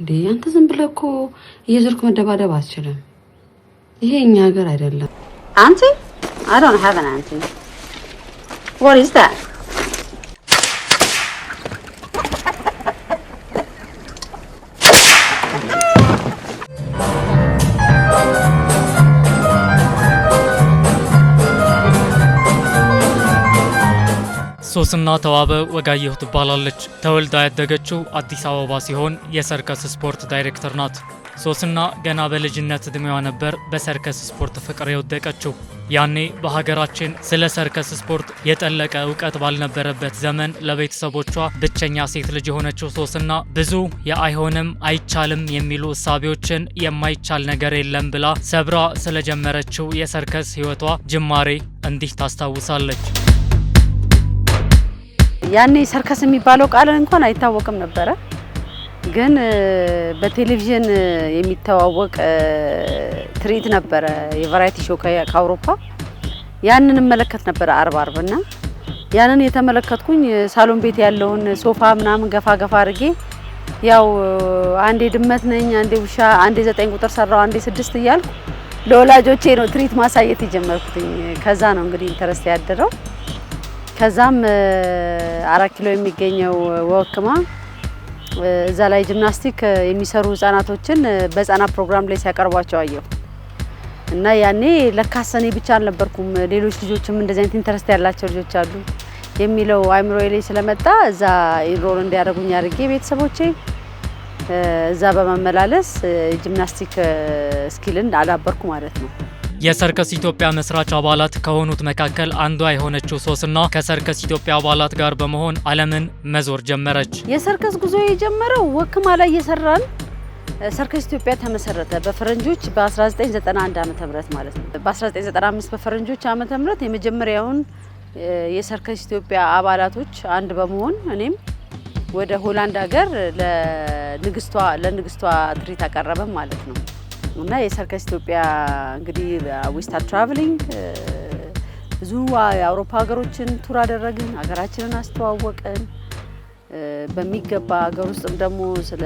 እንዴ አንተ ዝም ብለህ እኮ እየዞርክ መደባደብ አትችልም። ይሄ እኛ ሀገር አይደለም። አንቲ አይ ዶንት ሃቭ አን አንቲ ዋት ኢዝ ዳት ሶስና ተዋበ ወጋየሁ ትባላለች። ተወልዳ ያደገችው አዲስ አበባ ሲሆን የሰርከስ ስፖርት ዳይሬክተር ናት። ሶስና ገና በልጅነት እድሜዋ ነበር በሰርከስ ስፖርት ፍቅር የወደቀችው። ያኔ በሀገራችን ስለ ሰርከስ ስፖርት የጠለቀ እውቀት ባልነበረበት ዘመን ለቤተሰቦቿ ብቸኛ ሴት ልጅ የሆነችው ሶስና ብዙ የአይሆንም አይቻልም የሚሉ እሳቤዎችን የማይቻል ነገር የለም ብላ ሰብራ ስለጀመረችው የሰርከስ ሕይወቷ ጅማሬ እንዲህ ታስታውሳለች። ያኔ ሰርከስ የሚባለው ቃል እንኳን አይታወቅም ነበረ። ግን በቴሌቪዥን የሚተዋወቅ ትርኢት ነበረ፣ የቫራይቲ ሾው ከአውሮፓ ያንን እመለከት ነበረ አርብ አርብ እና ያንን የተመለከትኩኝ ሳሎን ቤት ያለውን ሶፋ ምናምን ገፋ ገፋ አድርጌ ያው አንዴ ድመት ነኝ፣ አንዴ ውሻ፣ አንዴ ዘጠኝ ቁጥር ሰራው፣ አንዴ ስድስት እያልኩ ለወላጆቼ ነው ትርኢት ማሳየት የጀመርኩትኝ። ከዛ ነው እንግዲህ ኢንተረስት ያደረው። ከዛም አራት ኪሎ የሚገኘው ወክማ እዛ ላይ ጂምናስቲክ የሚሰሩ ህጻናቶችን በህጻናት ፕሮግራም ላይ ሲያቀርቧቸው አየሁ እና ያኔ ለካሰኔ ብቻ አልነበርኩም፣ ሌሎች ልጆችም እንደዚህ አይነት ኢንተረስት ያላቸው ልጆች አሉ የሚለው አይምሮ ላይ ስለመጣ እዛ ኢንሮል እንዲያደርጉኝ አድርጌ ቤተሰቦቼ እዛ በመመላለስ ጂምናስቲክ ስኪልን አዳበርኩ ማለት ነው። የሰርከስ ኢትዮጵያ መስራች አባላት ከሆኑት መካከል አንዷ የሆነችው ሶስና ከሰርከስ ኢትዮጵያ አባላት ጋር በመሆን ዓለምን መዞር ጀመረች። የሰርከስ ጉዞ የጀመረው ወክማ ላይ እየሰራን ሰርከስ ኢትዮጵያ ተመሰረተ በፈረንጆች በ1991 ዓ.ም ማለት ነው። በ1995 በፈረንጆች ዓ ም የመጀመሪያውን የሰርከስ ኢትዮጵያ አባላቶች አንድ በመሆን እኔም ወደ ሆላንድ ሀገር ለንግስቷ ትሪት አቀረበም አቀረበ ማለት ነው። እና የሰርከስ ኢትዮጵያ እንግዲህ ዊስታ ትራቭሊንግ ብዙ የአውሮፓ ሀገሮችን ቱር አደረግን፣ ሀገራችንን አስተዋወቅን። በሚገባ ሀገር ውስጥም ደግሞ ስለ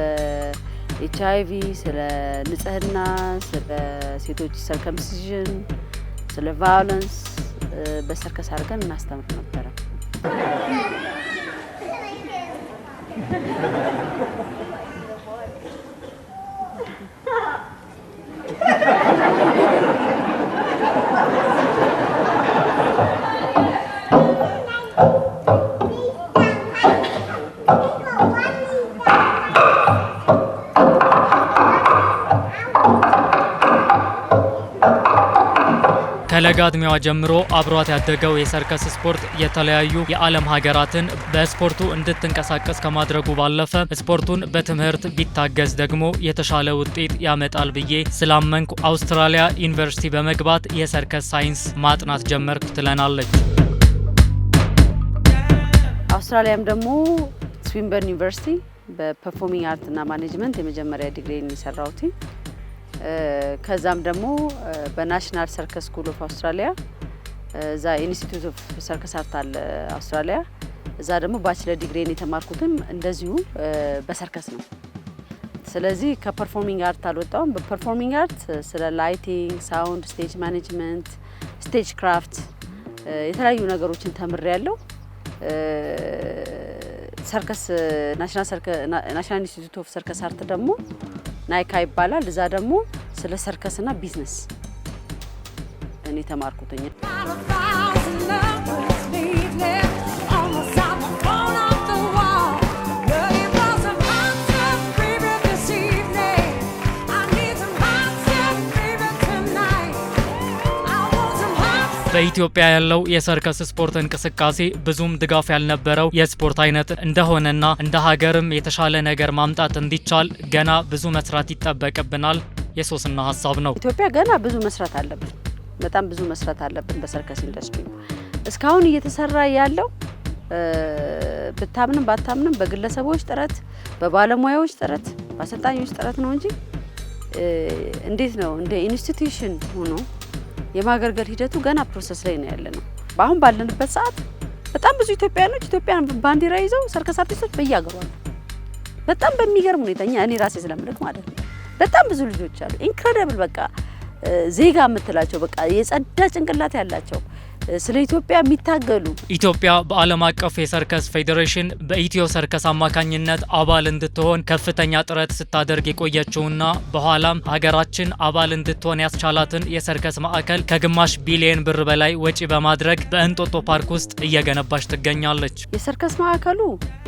ኤች አይ ቪ፣ ስለ ንጽህና፣ ስለ ሴቶች ሰርከምሲዥን፣ ስለ ቫዮለንስ በሰርከስ አድርገን እናስተምር ነበረ። ከለጋ እድሜዋ ጀምሮ አብሯት ያደገው የሰርከስ ስፖርት የተለያዩ የዓለም ሀገራትን በስፖርቱ እንድትንቀሳቀስ ከማድረጉ ባለፈ ስፖርቱን በትምህርት ቢታገዝ ደግሞ የተሻለ ውጤት ያመጣል ብዬ ስላመንኩ አውስትራሊያ ዩኒቨርሲቲ በመግባት የሰርከስ ሳይንስ ማጥናት ጀመርኩ ትለናለች። አውስትራሊያም ደግሞ ስዊንበርን ዩኒቨርሲቲ በፐርፎርሚንግ እና ማኔጅመንት የመጀመሪያ ዲግሪ የሚሰራውቲ ከዛም ደግሞ በናሽናል ሰርከስ ስኩል ኦፍ አውስትራሊያ እዛ ኢንስቲትዩት ኦፍ ሰርከስ አርት አለ አውስትራሊያ። እዛ ደግሞ ባችለር ዲግሪን የተማርኩትም እንደዚሁ በሰርከስ ነው። ስለዚህ ከፐርፎርሚንግ አርት አልወጣውም። በፐርፎርሚንግ አርት ስለ ላይቲንግ፣ ሳውንድ፣ ስቴጅ ማኔጅመንት፣ ስቴጅ ክራፍት የተለያዩ ነገሮችን ተምር ያለው ሰርከስ ናሽናል ኢንስቲትዩት ኦፍ ሰርከስ አርት ደግሞ ናይካ ይባላል። እዛ ደግሞ ስለ ሰርከስና ቢዝነስ እኔ ተማርኩትኝ። በኢትዮጵያ ያለው የሰርከስ ስፖርት እንቅስቃሴ ብዙም ድጋፍ ያልነበረው የስፖርት አይነት እንደሆነና እንደ ሀገርም የተሻለ ነገር ማምጣት እንዲቻል ገና ብዙ መስራት ይጠበቅብናል የሶስና ሀሳብ ነው። ኢትዮጵያ ገና ብዙ መስራት አለብን፣ በጣም ብዙ መስራት አለብን በሰርከስ ኢንዱስትሪ። እስካሁን እየተሰራ ያለው ብታምንም ባታምንም በግለሰቦች ጥረት፣ በባለሙያዎች ጥረት፣ በአሰልጣኞች ጥረት ነው እንጂ እንዴት ነው እንደ ኢንስቲትዩሽን ሆኖ የማገርገር ሂደቱ ገና ፕሮሰስ ላይ ነው ያለ ነው። አሁን ባለንበት ሰዓት በጣም ብዙ ኢትዮጵያውያኖች ኢትዮጵያን ባንዲራ ይዘው ሰርከስ አርቲስቶች በየሀገሩ አሉ። በጣም በሚገርም ሁኔታ እኔ ራሴ ስለምልክ ማለት ነው በጣም ብዙ ልጆች አሉ። ኢንክሬዲብል በቃ ዜጋ የምትላቸው በቃ የጸዳ ጭንቅላት ያላቸው ስለ ኢትዮጵያ የሚታገሉ ኢትዮጵያ በዓለም አቀፍ የሰርከስ ፌዴሬሽን በኢትዮ ሰርከስ አማካኝነት አባል እንድትሆን ከፍተኛ ጥረት ስታደርግ የቆየችውና በኋላም ሀገራችን አባል እንድትሆን ያስቻላትን የሰርከስ ማዕከል ከግማሽ ቢሊየን ብር በላይ ወጪ በማድረግ በእንጦጦ ፓርክ ውስጥ እየገነባች ትገኛለች። የሰርከስ ማዕከሉ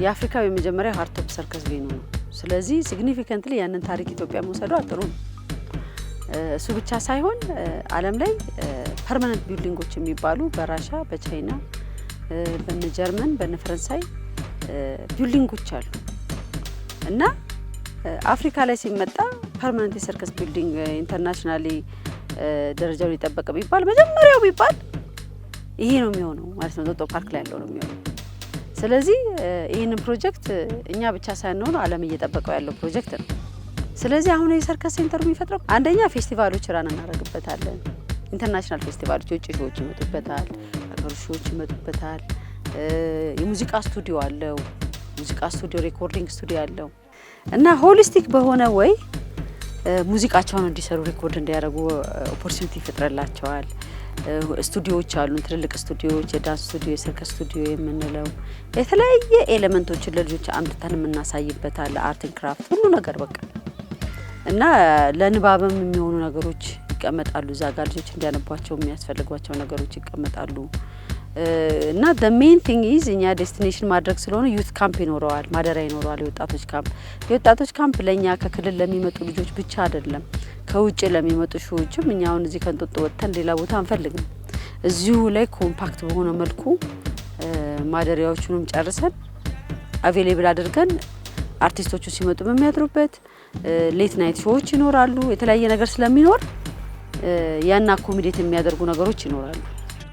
የአፍሪካ የመጀመሪያ ሀርቶፕ ሰርከስ ቬኑ ነው። ስለዚህ ሲግኒፊካንትሊ ያንን ታሪክ ኢትዮጵያ መውሰዷ ጥሩ ነው። እሱ ብቻ ሳይሆን ዓለም ላይ ፐርማነንት ቢልዲንጎች የሚባሉ በራሻ በቻይና በነ ጀርመን በነ ፈረንሳይ ቢልዲንጎች አሉ እና አፍሪካ ላይ ሲመጣ ፐርማነንት የሰርከስ ቢልዲንግ ኢንተርናሽናሊ ደረጃውን የጠበቀ ቢባል መጀመሪያው ቢባል ይሄ ነው የሚሆነው ማለት ነው። ጦጦ ፓርክ ላይ ያለው ነው የሚሆነው። ስለዚህ ይህንን ፕሮጀክት እኛ ብቻ ሳንሆን ዓለም እየጠበቀው ያለው ፕሮጀክት ነው። ስለዚህ አሁን የሰርከስ ሴንተሩ የሚፈጥረው አንደኛ ፌስቲቫሎች ራን እናደርግበታለን። ኢንተርናሽናል ፌስቲቫሎች የውጭ ሾዎች ይመጡበታል፣ አገር ሾዎች ይመጡበታል። የሙዚቃ ስቱዲዮ አለው፣ ሙዚቃ ስቱዲዮ፣ ሬኮርዲንግ ስቱዲዮ አለው እና ሆሊስቲክ በሆነ ወይ ሙዚቃቸውን እንዲሰሩ ሪኮርድ እንዲያደርጉ ኦፖርቹኒቲ ይፈጥረላቸዋል። ስቱዲዮዎች አሉ፣ ትልልቅ ስቱዲዮዎች፣ የዳንስ ስቱዲዮ፣ የሰርከስ ስቱዲዮ የምንለው የተለያየ ኤሌመንቶችን ለልጆች አምጥተን የምናሳይበታል። አርትን ክራፍት ሁሉ ነገር በቃ እና ለንባብም የሚሆኑ ነገሮች ይቀመጣሉ። እዛ ጋር ልጆች እንዲያነቧቸው የሚያስፈልጓቸው ነገሮች ይቀመጣሉ። እና ደ ሜን ቲንግ ኢዝ እኛ ዴስቲኔሽን ማድረግ ስለሆነ ዩት ካምፕ ይኖረዋል፣ ማደሪያ ይኖረዋል። የወጣቶች ካምፕ የወጣቶች ካምፕ ለእኛ ከክልል ለሚመጡ ልጆች ብቻ አይደለም፣ ከውጭ ለሚመጡ ሺዎችም እኛ አሁን እዚህ ከንጦጦ ወጥተን ሌላ ቦታ አንፈልግም። እዚሁ ላይ ኮምፓክት በሆነ መልኩ ማደሪያዎቹንም ጨርሰን አቬሌብል አድርገን አርቲስቶቹ ሲመጡ በሚያድሩበት ሌት ናይት ሾዎች ይኖራሉ። የተለያየ ነገር ስለሚኖር ያና አኮሚዴት የሚያደርጉ ነገሮች ይኖራሉ።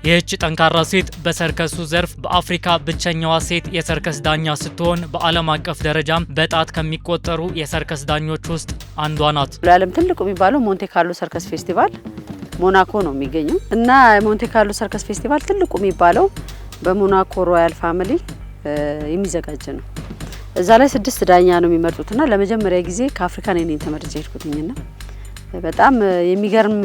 ይህች ጠንካራ ሴት በሰርከሱ ዘርፍ በአፍሪካ ብቸኛዋ ሴት የሰርከስ ዳኛ ስትሆን በዓለም አቀፍ ደረጃም በጣት ከሚቆጠሩ የሰርከስ ዳኞች ውስጥ አንዷ ናት። ለዓለም ትልቁ የሚባለው ሞንቴ ካርሎ ሰርከስ ፌስቲቫል ሞናኮ ነው የሚገኘው እና ሞንቴ ካርሎ ሰርከስ ፌስቲቫል ትልቁ የሚባለው በሞናኮ ሮያል ፋሚሊ የሚዘጋጅ ነው። እዛ ላይ ስድስት ዳኛ ነው የሚመርጡትና ለመጀመሪያ ጊዜ ከአፍሪካ ነኝ ተመርጬ ሄድኩትኝና በጣም የሚገርም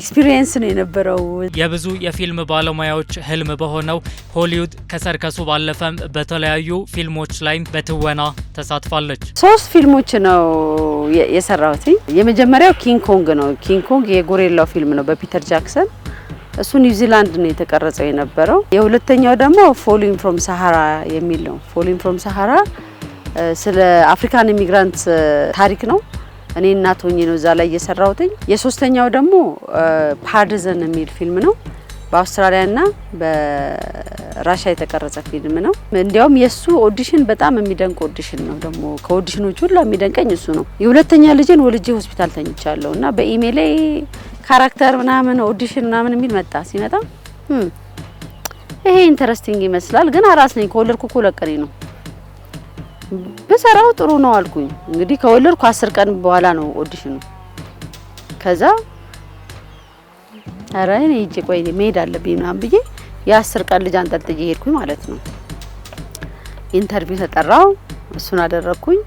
ኤክስፒሪየንስ ነው የነበረው። የብዙ የፊልም ባለሙያዎች ህልም በሆነው ሆሊውድ ከሰርከሱ ባለፈም በተለያዩ ፊልሞች ላይ በትወና ተሳትፋለች። ሶስት ፊልሞች ነው የሰራሁት። የመጀመሪያው ኪንግ ኮንግ ነው። ኪንግ ኮንግ የጎሬላው ፊልም ነው በፒተር ጃክሰን እሱ ኒውዚላንድ ነው የተቀረጸው የነበረው። የሁለተኛው ደግሞ ፎሊንግ ፍሮም ሰሃራ የሚል ነው። ፎሊንግ ፍሮም ሰሃራ ስለ አፍሪካን ኢሚግራንት ታሪክ ነው። እኔ እናት ሆኜ ነው እዛ ላይ እየሰራሁትኝ። የሶስተኛው ደግሞ ፓርዘን የሚል ፊልም ነው። በአውስትራሊያና በራሻ የተቀረጸ ፊልም ነው። እንዲያውም የእሱ ኦዲሽን በጣም የሚደንቅ ኦዲሽን ነው። ደግሞ ከኦዲሽኖች ሁሉ የሚደንቀኝ እሱ ነው። የሁለተኛ ልጄን ወልጄ ሆስፒታል ተኝቻለሁ እና ላይ ካራክተር ምናምን ኦዲሽን ምናምን የሚል መጣ። ሲመጣ ይሄ ኢንተረስቲንግ ይመስላል፣ ግን አራስ ነኝ ከወለድኩ እኮ ለቀኔ ነው ብሰራው ጥሩ ነው አልኩኝ። እንግዲህ ከወለድኩ አስር ቀን በኋላ ነው ኦዲሽኑ። ከዛ ኧረ እኔ ሂጅ ቆይ መሄድ አለብኝ ምናምን ብዬ የአስር ቀን ልጅ አንጠልጥዬ ሄድኩኝ ማለት ነው። ኢንተርቪው ተጠራው፣ እሱን አደረግኩኝ።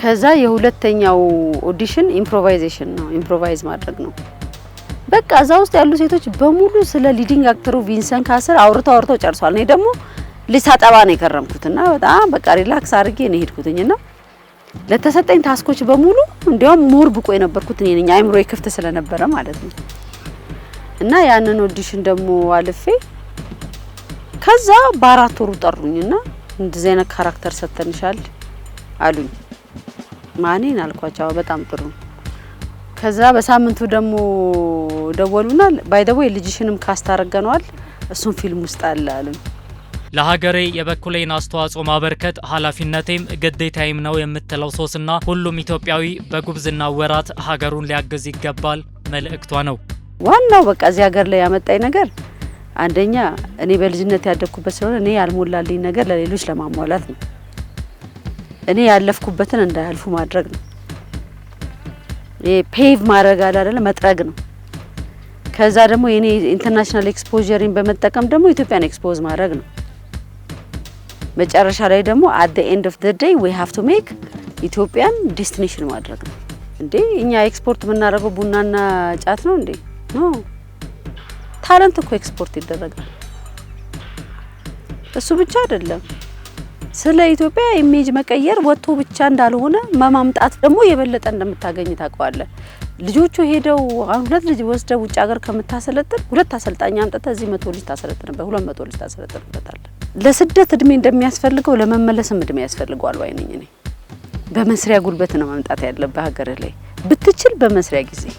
ከዛ የሁለተኛው ኦዲሽን ኢምፕሮቫይዜሽን ነው፣ ኢምፕሮቫይዝ ማድረግ ነው። በቃ እዛ ውስጥ ያሉ ሴቶች በሙሉ ስለ ሊዲንግ አክተሩ ቪንሰንት ካስል አውርተው አውርተው ጨርሷል። እኔ ደግሞ ሊሳጠባ ነው የከረምኩትና በጣም በቃ ሪላክስ አድርጌ ነው የሄድኩትኝና ለተሰጠኝ ታስኮች በሙሉ እንዲያውም ሞር ብቆ የነበርኩት እኔ ነኝ፣ አይምሮዬ ክፍት ስለነበረ ማለት ነው። እና ያንን ኦዲሽን ደግሞ አልፌ ከዛ በአራት ወሩ ጠሩኝና እንደዚህ አይነት ካራክተር ሰጥተንሻል አሉኝ። ማኔን አልኳቸው በጣም ጥሩ። ከዛ በሳምንቱ ደግሞ ደወሉና ባይ ደወይ ልጅሽንም ካስታረገነዋል እሱን ፊልም ውስጥ አለ አሉኝ። ለሀገሬ የበኩሌን አስተዋጽኦ ማበርከት ኃላፊነቴም ግዴታዬም ነው የምትለው ሶስና ሁሉም ኢትዮጵያዊ በጉብዝና ወራት ሀገሩን ሊያግዝ ይገባል መልእክቷ ነው። ዋናው በቃ እዚህ ሀገር ላይ ያመጣኝ ነገር አንደኛ እኔ በልጅነት ያደግኩበት ስለሆነ እኔ ያልሞላልኝ ነገር ለሌሎች ለማሟላት ነው። እኔ ያለፍኩበትን እንዳያልፉ ማድረግ ነው። ፔቭ ማድረግ አይደለ መጥረግ ነው። ከዛ ደግሞ የኔ ኢንተርናሽናል ኤክስፖዠሪን በመጠቀም ደግሞ ኢትዮጵያን ኤክስፖዝ ማድረግ ነው። መጨረሻ ላይ ደግሞ አት ዘ ኤንድ ኦፍ ዘ ዴይ ዊ ሃቭ ቱ ሜክ ኢትዮጵያን ዴስቲኔሽን ማድረግ ነው እንዴ። እኛ ኤክስፖርት የምናደርገው ቡናና ጫት ነው እንዴ? ኖ ታለንት እኮ ኤክስፖርት ይደረጋል። እሱ ብቻ አይደለም። ስለ ኢትዮጵያ ኢሜጅ መቀየር ወጥቶ ብቻ እንዳልሆነ መማምጣት ደግሞ የበለጠ እንደምታገኝ ታውቀዋለህ። ልጆቹ ሄደው አሁን ሁለት ልጅ ወስደው ውጭ ሀገር ከምታሰለጥን ሁለት አሰልጣኝ አምጥተህ እዚህ መቶ ልጅ ታሰለጥንበት ሁለት መቶ ልጅ ታሰለጥንበታለህ። ለስደት እድሜ እንደሚያስፈልገው ለመመለስም እድሜ ያስፈልገዋል ባይነኝ እኔ በመስሪያ ጉልበት ነው መምጣት ያለብህ ሀገር ላይ ብትችል በመስሪያ ጊዜ